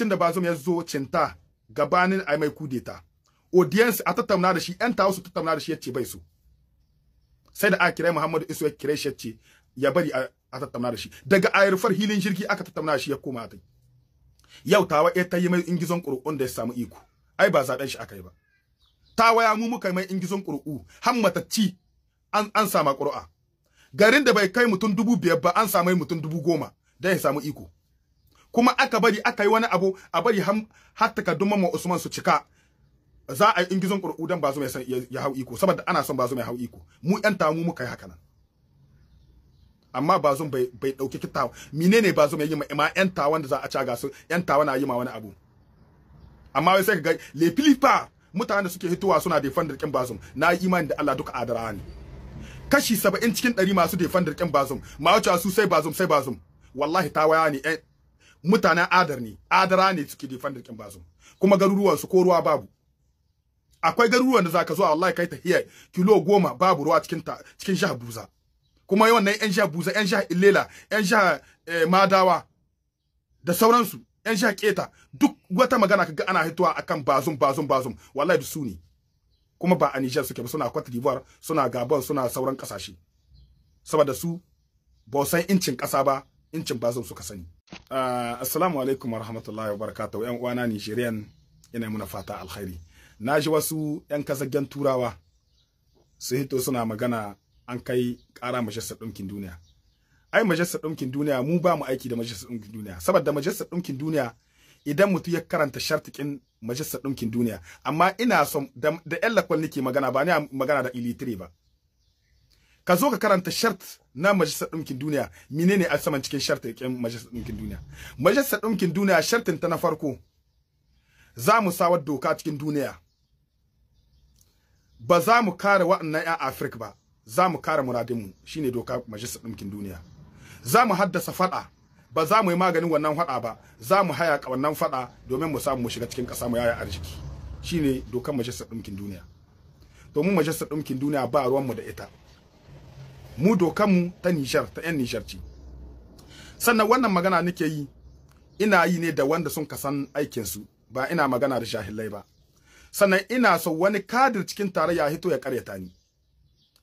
lokacin da bazum ya zo cinta gabanin ai mai kudeta audience a tattauna da shi yan tawo su tattauna da shi yace bai su sai da a kira Muhammadu Isu ya kira shi yace ya bari a tattauna da shi daga far hilin jirgi aka tattauna shi ya koma ta yau tawa ya tayi mai ingizon qur'an da ya samu iko ai ba zaben shi aka yi ba tawa ya mu muka mai ingizon ƙur'u hammatacci an an sama qur'a garin da bai kai mutum dubu biyar ba an samai mutum dubu goma don ya samu iko kuma aka bari aka yi wani abu a bari har takardun mamman Usman su cika za a yi ingizon ƙur'udan ba zo mai san ya hau iko saboda ana son ba zo mai hau iko mu ƴan tamu muka yi haka nan amma ba zo bai bai dauki kitta menene ba zo mai yi ma ma ɗan ta da za a caga su ƴan ta na yi ma wani abu amma wai sai ka ga le filipa mutanen da suke hitowa suna defender kin bazum na yi imani da Allah duka adara ne kashi 70 cikin 100 masu defender kin bazum ma wuce su sai bazum sai bazum wallahi ta waya ne eh, mutanen adar ne adara ne suke defender kin bazum kuma garuruwan su ko ruwa babu akwai garuruwan da zaka zo wallahi kai tahiya kilo goma babu ruwa cikin ta cikin jihar Buza kuma yawan yan jihar Buza yan jihar Illela yan jihar eh, Madawa da sauransu yan jihar Keta duk wata magana kaga ana hitowa akan bazum bazum bazum wallahi da su ne kuma ba a Niger suke ba suna Cote d'Ivoire suna Gabon suna sauran kasashe saboda su ba san incin kasa ba incin bazum suka sani Uh, assalamu alaikum warahmatullahi wabarakatuh yan uwana Nigerian ina muna fata alkhairi na ji wasu yan kasaggen turawa su hito suna magana an kai ƙara majalisar ɗinkin duniya ai majalisar ɗinkin duniya mu ba mu aiki da majalisar ɗinkin duniya saboda majalisar ɗinkin duniya idan mutum ya karanta shartikin majalisar ɗinkin duniya amma ina son da, da lakwal nake magana ba ni magana da ilitire ba ka zo ka karanta shart na majalisar ɗinkin duniya menene a saman cikin shart ɗin majalisar ɗinkin duniya majalisar ɗinkin duniya shartin ta na farko za mu sawar doka cikin duniya ba za mu kare waɗannan 'yan afirka ba za mu kare muradinmu shine doka majalisar ɗinkin duniya za mu haddasa faɗa ba za mu yi maganin wannan faɗa ba za mu haya wannan faɗa domin mu samu mu shiga cikin ƙasa mu yaya arziki shine dokar majalisar ɗinkin duniya domin majalisar ɗinkin duniya ba ruwanmu da ita mu mu ta nishar ta yan nishar ce sannan wannan magana nake yi ina yi ne da wanda sun kasan aikin su ba ina magana da shahillai ba sannan ina so wani kadir cikin tarayya hito ya karyata ni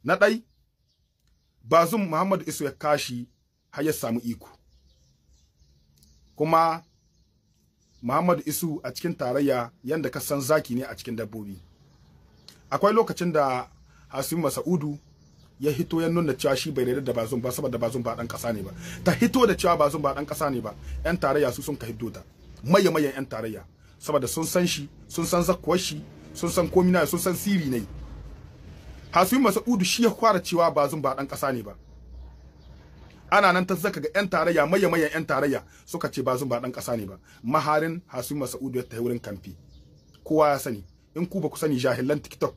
na dai zun Muhammadu Isu ya kashi har ya samu iko kuma Muhammadu Isu a cikin tarayya yanda ka san zaki ne a cikin dabbobi akwai lokacin da Hasim Masaudu ya hito ya nuna cewa shi bai yarda da bazun ba saboda bazun ba dan kasa ne ba ta hito da cewa bazun ba dan kasa ne ba yan tarayya su sun ka hiddo ta maye mayan yan tarayya saboda sun san shi sun san zakkuwar shi sun san komi sun san siri ne hasim udu shi ya kwara cewa bazun ba dan kasa ne ba ana nan ta zaka ga yan tarayya maye mayan yan tarayya suka ce bazun ba dan kasa ne ba maharin hasim masaudu ya ta wurin kamfi kowa ya sani in ku ba ku sani jahilan tiktok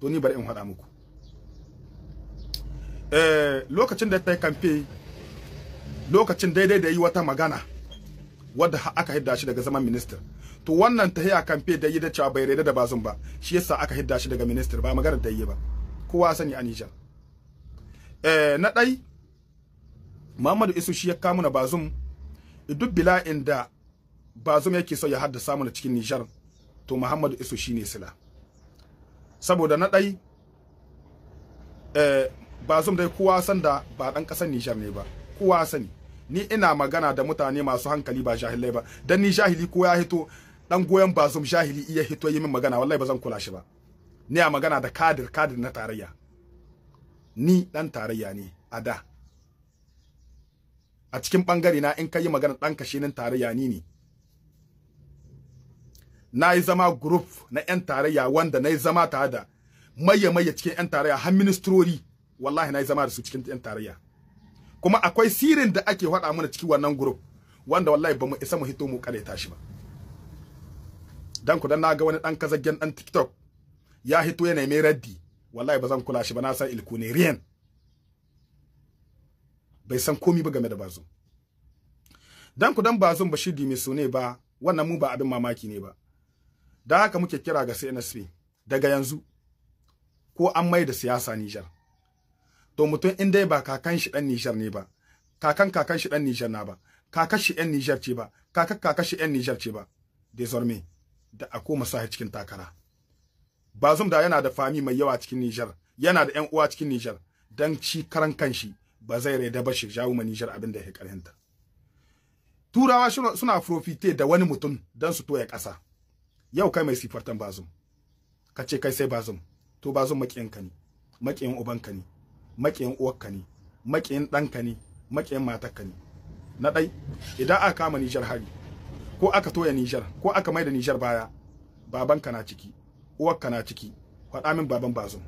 to ni bari in hada muku Eh, lokacin da ta yi kamfe lokacin daidai da yi wata magana wadda aka hidda shi daga zaman minister to wannan ta haya kamfe da yi da cewa bai da bazin ba shi yasa aka hidda shi daga minister ba magana da yi ba kowa sani a Nijar eh, na ɗai muhammadu isu shi ya kamuna bazum duk bila'in da bazum yake so ya haddasa mana cikin nijar to muhammadu isu shine sila saboda na ɗai eh, ba zum dai kowa san da ba dan kasar Nijar ne ba kowa sani ni ina magana da mutane masu hankali ba jahilai ba dan ni jahili ko ya hito dan goyon ba zum jahili iya hito yi min magana wallahi ba zan kula shi ba ni a magana da kadir kadir na tarayya ni dan tarayya ne a da a cikin bangare na in kai magana dan kashe nan tarayya ni ne na yi zama group na 'yan tarayya wanda na yi zama tare da maye maye cikin 'yan tarayya har ministrori wallahi na yi zama da su cikin yan tarayya kuma akwai sirin da ake faɗa mana cikin wannan group wanda wallahi ba mu isa mu hito mu ta shi ba dan ku dan na ga wani dan kazaggen dan TikTok ya hito yana mai raddi wallahi ba zan kula shi ba na san ilku bai san komi ba game da bazo dan ku dan bazon Bashir Dimi ne ba wannan mu ba abin mamaki ne ba da haka muke kira ga CNSP daga yanzu ko an mai da siyasa Nijar to mutum in dai ba kakan shi dan Nijar ne ba kakan kakan shi dan Nijar na ba kakan shi yan Nijar ce ba kakan kakan shi yan Nijar ce ba désormais da a koma sa cikin takara Bazum da yana da fami mai yawa cikin Nijar yana da yan uwa cikin Nijar dan ci karan kanshi ba zai raida ba shi jawo ma Nijar abin da ya karhinta Turawa suna profite da wani mutum dan su toya kasa yau kai mai sifartan Bazum ka ce kai sai Bazum to Bazum makiyanka ne makiyan ubanka ne makiyin uwarka ne makiyin ɗanka ne makiyin matarka ne na ɗai idan aka kama nijar hari ko aka toya nijar ko aka maida nijar baya babanka na ciki uwarka na ciki faɗa min baban bazum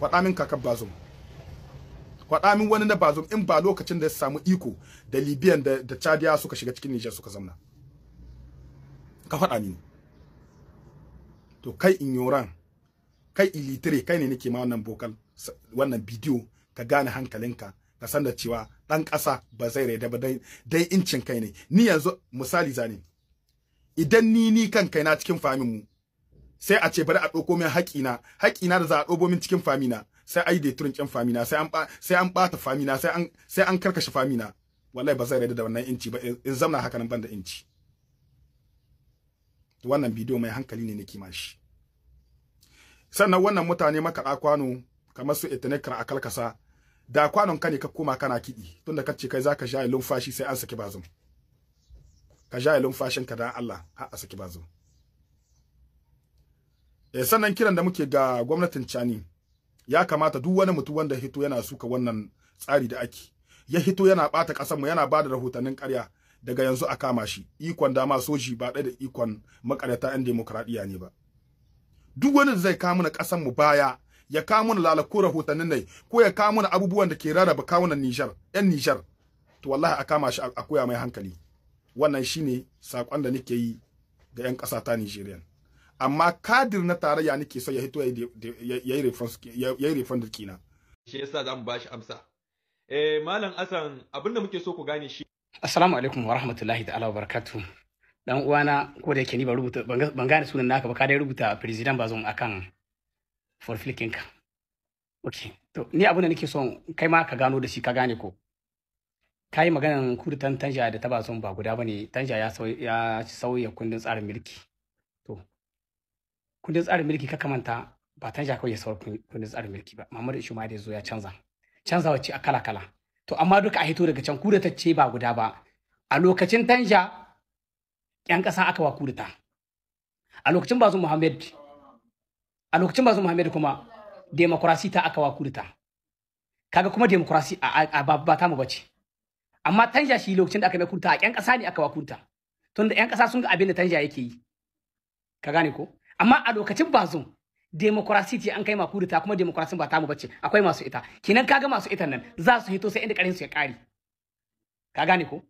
faɗa min kakar bazum faɗa min wani na bazum in ba lokacin da ya samu iko da libyan da, da chadiya suka shiga cikin nijar suka zamna ka faɗa ni to kai inyoran kai ilitire kai ne nake ma wannan bokal wannan bidiyo ka gane hankalinka ka san da cewa dan ƙasa ba zai raida ba dai incin kai ne ni yanzu misali zane idan ni ni kan kai na cikin famin mu sai a ce bari a ɗauko min haƙina haƙina da za a ɗauko min cikin famina sai ai dai turin famina sai an sai an ɓata famina sai an sai an karkashe famina wallahi ba zai raida da wannan inci ba in zamna haka nan da inci wannan bidiyo mai hankali ne nake mashi sannan wannan mutane makaɗa kwano kamar su etenekra a kalkasa da kwanon ka ne ka koma kana kiɗi tunda ka ce kai zaka sha lumfashi sai an saki bazum ka sha lumfashin ka dan Allah har a saki bazum eh sannan kiran da muke ga gwamnatin cani ya kamata duk wani mutum wanda hito yana suka wannan tsari da ake ya hito yana bata kasar mu yana bada rahotannin ƙarya daga yanzu a kama shi ikon dama soji ba da ikon makarata yan demokradiya ne ba duk wani da zai kawo mana kasar mu baya ya kawo mana lalako rahotannin nan ko ya kawo mana abubuwan da ke rarraba kawunan Nijar yan Nijar to wallahi a kama shi a koya mai hankali wannan ne sakon da nake yi ga yan ƙasa ta Nijeriya amma kadir na tarayya nake so ya hito ya yi refund kina shi yasa mu bashi amsa eh malam Asan abinda muke so ku gane shi assalamu alaikum wa rahmatullahi da wa barakatu. dan uwana ko da yake ni ba rubuta ban gane sunan naka ba ka dai rubuta president bazum akan for flicking ka to ni abu da nake son kai ma ka gano da shi ka gane ko ka yi maganan kudatan tanja da son ba guda ba ne tanja ya sauya kundin tsarin mulki to kundin tsarin mulki ka kamanta ba tanja kawai ya sauya kundin tsarin mulki ba mamadu ishu ma da zo ya canza canza wacce a kala kala to amma duka a hito daga can kudatacce ba guda ba a lokacin tanja yan ƙasa aka wa kudata a lokacin bazu muhammad a lokacin bazu muhammad kuma demokrasi ta aka wa kaga kuma demokrasi a ba ta mu bace amma tanja shi lokacin da aka bai kudita a yan kasa ne aka wa tun tunda yan kasa sun ga abin da tanja yake yi ka gane ko amma a lokacin bazum demokrasi ce an kai ma kudita kuma demokurasi ba ta mu bace akwai masu ita kinan kaga masu ita nan za su hito sai inda karin su ya kare ka gane ko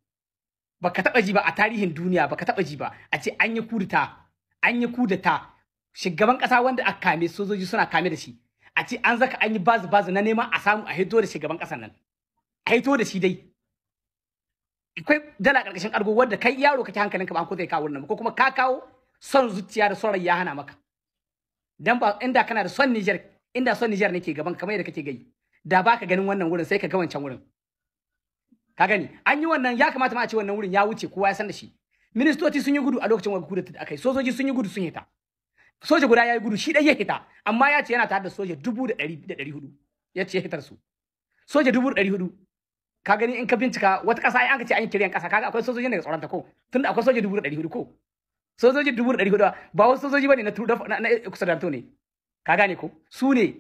baka taba ji ba a tarihin duniya baka taba ji ba a ce an yi kudita an yi kudata. shugaban kasa wanda aka kame sojoji suna kame da shi a ce an zaka an yi bazu bazu na neman a samu a hito da shugaban kasan nan a hito da shi dai akwai dala karkashin argo wanda kai yaro kake hankalin ka ba ko zai kawo wannan ko kuma ka kawo son zuciya da son ya hana maka dan ba inda kana da son Niger inda son Niger nake gaban kamar yadda kake gai da baka ganin wannan wurin sai ka ga wancan wurin ka gani an yi wannan ya kamata ma a ce wannan wurin ya wuce kowa ya san da shi ministoci sun yi gudu a lokacin wani kudu da aka yi sojoji sun yi gudu sun ta soja guda ya yi gudu shi ɗai ya hita amma ya ce yana tare da soja dubu da ɗari hudu ya ce hitar su soja dubu da ɗari hudu ka gani in ka bincika wata ƙasa ai an ka ce an yi kiran ƙasa kaga akwai sojoji daga tsoronta ko tunda akwai soja dubu da ɗari hudu ko sojoji dubu da ɗari hudu ba wasu sojoji ba na turda na kusa da ne ka gane ko su ne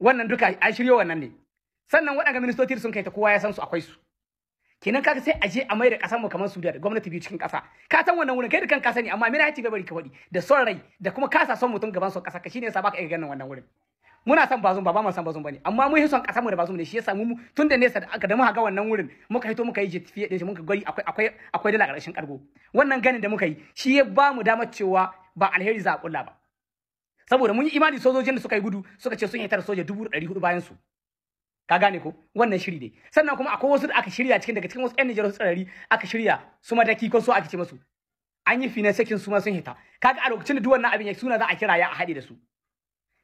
wannan duka an shiryo wannan ne sannan waɗanda ministoci sun kai ta kowa ya san su akwai su kenan kaga sai a je a mai da kasar mu kamar Sudan gwamnati biyu cikin kasa ka san wannan wurin kai da kasa ne amma mina haiti bari ka wadi da son rai da kuma kasa son mutum gaban son kasa ka shine yasa baka iya ganin wannan wurin muna son bazum ba ba mu son bazum bane amma mun son kasar mu da bazum ne shi yasa mu tun da nesa da aka da muka ga wannan wurin muka hito muka yi jetifiye din shi muka gari akwai akwai akwai dala karshen kargo wannan ganin da muka yi shi ya ba mu damar cewa ba alheri za a kulla ba saboda mun yi imani sojojin da suka yi gudu suka ce sun tar soja dubu ɗari hudu bayan su ka gane ko wannan shiri ne sannan kuma akwai wasu da aka shirya cikin daga cikin wasu yan Nijar wasu tsarari aka shirya su mataki ko su aka ce musu an yi fina section su ma sun hita kaga a lokacin da duk wannan abin ya suna za a kira ya a haɗe da su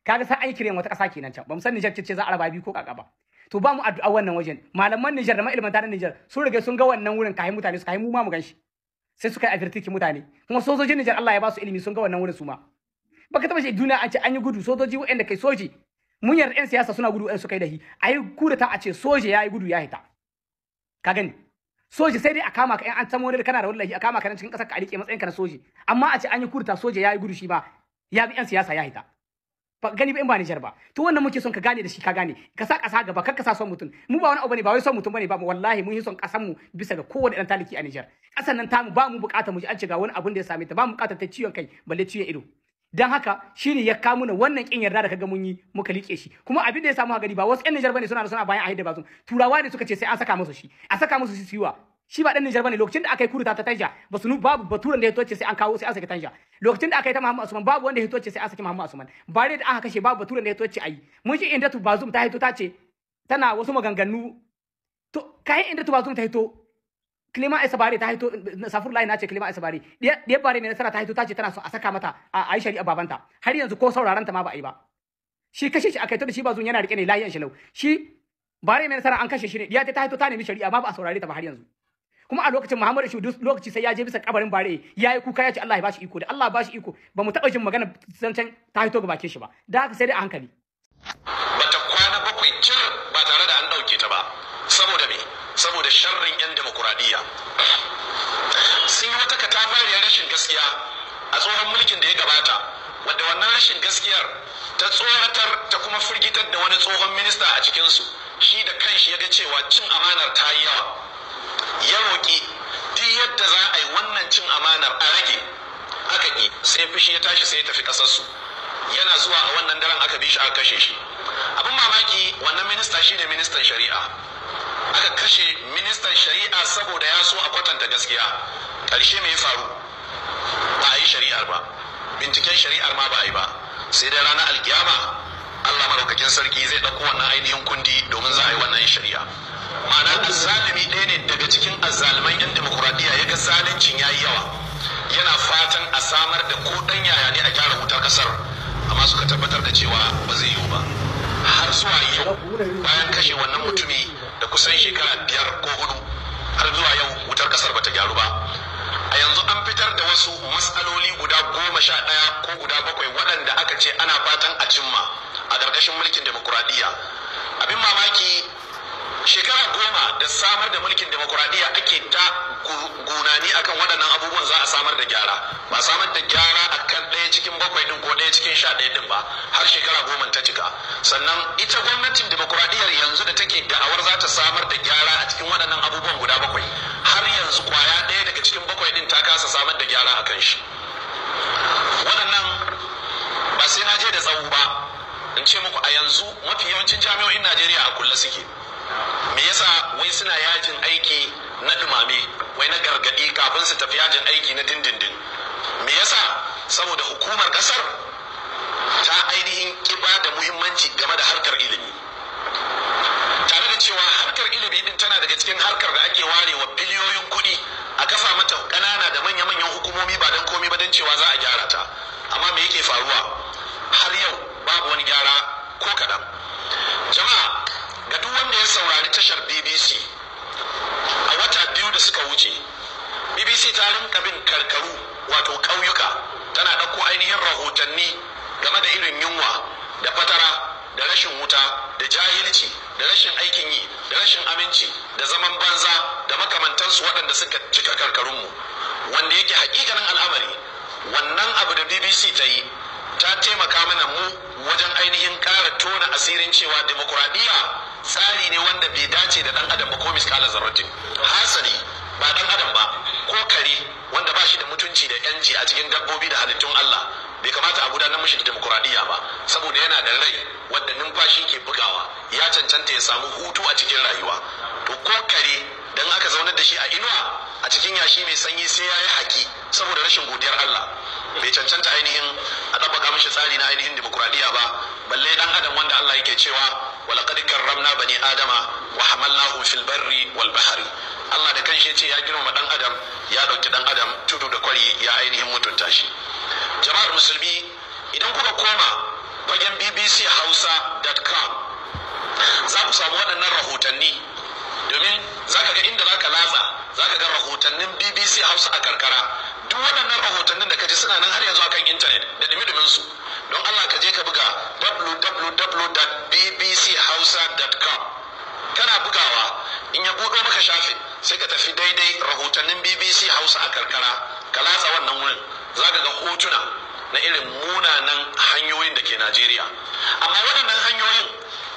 kaga sai an yi kiran wata ƙasa kenan can ba mu san Nijar ce za a raba biyu ko kaka ba to ba mu addu'a wannan wajen malaman Nijar da ma'ilmanta na Nijar sun riga sun ga wannan wurin kai mutane su kai mu ma mu ganshi sai suka yi afirtiki mutane kuma sojojin Nijar Allah ya ba su ilimi sun ga wannan wurin su ma baka taba shi duniya an ce an yi gudu sojoji waɗanda kai soji munyar yan siyasa suna gudu su kai dahi ayi kudata a ce soje yayi gudu ya hita ka gani soji sai dai a kama ka in an tamo da kana da wallahi a kama ka nan cikin kasar ka rike matsayin ka na soji amma a ce an yi kurta soja yayi gudu shi ba ya bi yan siyasa ya hita ba gani ba in ba Niger ba to wannan muke son ka gane da shi ka gane ka sa kasa gaba kar ka sa son mutum mu ba wani abu ne ba wai son mutum bane ba mu wallahi mun yi son kasan mu bisa ga da dan taliki a Niger kasan nan tamu ba mu bukata mu ji an ce ga wani abun da ya same ta ba mu bukata ta ciwon kai balle ciwon ido dan haka shine ya kawo mana wannan kin yarda da kaga mun yi muka like shi kuma abin da ya samu gari ba wasu ƴan Nijar bane suna da suna bayan a bazum turawa ne suka ce sai an saka musu shi a saka musu shi siwa shi ba dan Nijar bane lokacin da aka yi kuruta ta Tanja ba su babu baturan da ya toce sai an kawo sai an saki Tanja lokacin da aka yi ta Muhammadu Usman babu wanda ya toce sai an saki Muhammadu Usman bare da aka kashe babu baturan da ya toce ayi mun shi inda tu bazum ta hito ta ce tana wasu maganganu to kai inda tu bazum ta hito Kilima Isabari ta haito safur lai na ce Kilima Isabari diyar bare mai nasara ta haito ta ce tana so a saka mata a yi shari'a babanta har yanzu ko sauraron ta ma ba a yi ba shi kashe shi akai to da shi bazun yana rike ne layin shi lau shi bare mai nasara an kashe shi ne diyar ta haito ta nemi shari'a ma ba a saurare ta ba har yanzu kuma a lokacin Muhammadu shi lokaci sai ya je bisa kabarin bare ya yi kuka ya ce Allah ya bashi iko da Allah ya bashi iko ba mu taɓa jin magana zancen ta haito ga bakin shi ba da haka sai dai a hankali bata kwana bakwai cin ba tare da an ɗauke ta ba saboda me saboda sharrin 'yan demokuraɗiyya sun yi wata katafariyar rashin gaskiya a tsohon mulkin da ya gabata wadda wannan rashin gaskiyar ta tsoratar ta kuma firgitar da wani tsohon minista a cikinsu shi da kanshi ya ga cewa cin amanar ta yi yawa ya roƙi duk yadda za a yi wannan cin amanar a rage aka ƙi sai fushi ya tashi sai ya tafi ƙasarsu yana zuwa a wannan daren aka bi shi aka kashe shi abin mamaki wannan minista shi ne ministan shari'a aka kashe ministan shari'a saboda ya so a kwatanta gaskiya ƙarshe mai faru ba a yi shari'ar ba binciken shari'ar ma ba a yi ba sai dai ranar alkiyama Allah maraukakin sarki zai ɗauko wannan ainihin kundi domin za a yi wannan shari'a ma'ana azalimi ɗaya ne daga cikin azzaluman yan demokuraɗiyya ya ga zaluncin ya yi yawa yana fatan a samar da ko ɗan yaya ne a gyara wutar ƙasar amma suka tabbatar da cewa ba zai yiwu ba har zuwa yau bayan kashe wannan mutumi da kusan shekara biyar ko hudu har zuwa yau wutar kasar bata gyaru ba a yanzu an fitar da wasu matsaloli guda goma sha ɗaya ko guda bakwai waɗanda aka ce ana fatan a cimma a ƙarƙashin mulkin demokuraɗiyya abin mamaki shekara goma da samar da mulkin demokuraɗiyya ake ta gunani akan waɗannan abubuwan za a samar da gyara ba samar da gyara akan ɗaya cikin bakwai ɗin ko ɗaya cikin sha ɗaya ɗin ba har shekara goma shiga sannan ita gwamnatin demokuraɗiyyar yanzu da take da'awar za ta samar da gyara a cikin waɗannan abubuwan guda bakwai har yanzu kwaya ɗaya daga cikin bakwai ɗin ta kasa samar da gyara a kan shi waɗannan ba sai na je da tsawo ba in ce muku a yanzu mafi yawancin jami'o'in najeriya a kulle suke me yasa wai suna yajin aiki na ɗumame wai na gargaɗi kafin su tafi yajin aiki na dindindin me yasa saboda hukumar ƙasar ta ainihin kiba da muhimmanci game da harkar ilimi tare da cewa harkar ilimi din tana daga cikin harkar da ake warewa biliyoyin kuɗi a kasa mata ƙanana da manya-manyan hukumomi ba don komi ba don cewa za a gyara ta amma me yake faruwa har yau babu wani gyara ko kaɗan jama'a ga duk wanda ya saurari tashar bbc a wata biyu da suka wuce bbc ta rinka bin karkaru wato ƙauyuka tana ɗauko ainihin rahotanni game da irin yunwa da fatara da rashin wuta da jahilci da rashin aikin yi da rashin aminci da zaman banza da makamantansu waɗanda suka cika karkarunmu wanda yake hakikanin al'amari wannan abu da bbc ta yi ta taimaka mana mu wajen ainihin ƙara tona asirin cewa demokuraɗiyya tsari ne wanda bai dace da ɗan adam ba ko miskala zarratin hasali ba ɗan adam ba ko kare wanda ba shi da mutunci da yanci a cikin dabbobi da halittun allah bai kamata a gudanar mashi da demokuraɗiyya ba saboda yana da rai wanda numfashi ke bugawa ya cancanta ya samu hutu a cikin rayuwa to ko kare dan aka zaunar da shi a inuwa a cikin yashi mai sanyi sai ya yi haƙi saboda rashin godiyar Allah bai cancanta ainihin a ɗabbaka mashi tsari na ainihin demokuraɗiyya ba balle dan adam wanda Allah yake cewa walaqad karramna bani adama wa hamalnahum fil barri wal bahri Allah da kanshi ya ce ya girmama dan adam ya dauki dan adam tudu da kwari ya ainihin mutunta shi jama'ar musulmi idan kuka koma fagen bbchausa.com za ku samu waɗannan rahotanni domin za ka ga inda za ka latsa za ka ga rahotannin bbc hausa a karkara duk waɗannan rahotannin da ka ji suna nan har yanzu akan intanet da dumi-dumin su don allah ka je ka buga www.bbchausa.com kana bugawa sai ka tafi daidai rahotannin bbc hausa a karkara ka latsa wannan wurin za ka ga hotuna na irin munanan hanyoyin da ke najeriya amma waɗannan hanyoyin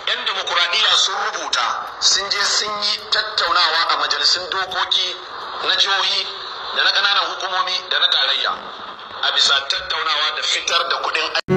'yan demokuraɗiyya sun rubuta sun je sun yi tattaunawa a majalisun dokoki na jihohi da na ƙananan hukumomi da na tarayya a bisa tattaunawa da fitar da kuɗin aiki.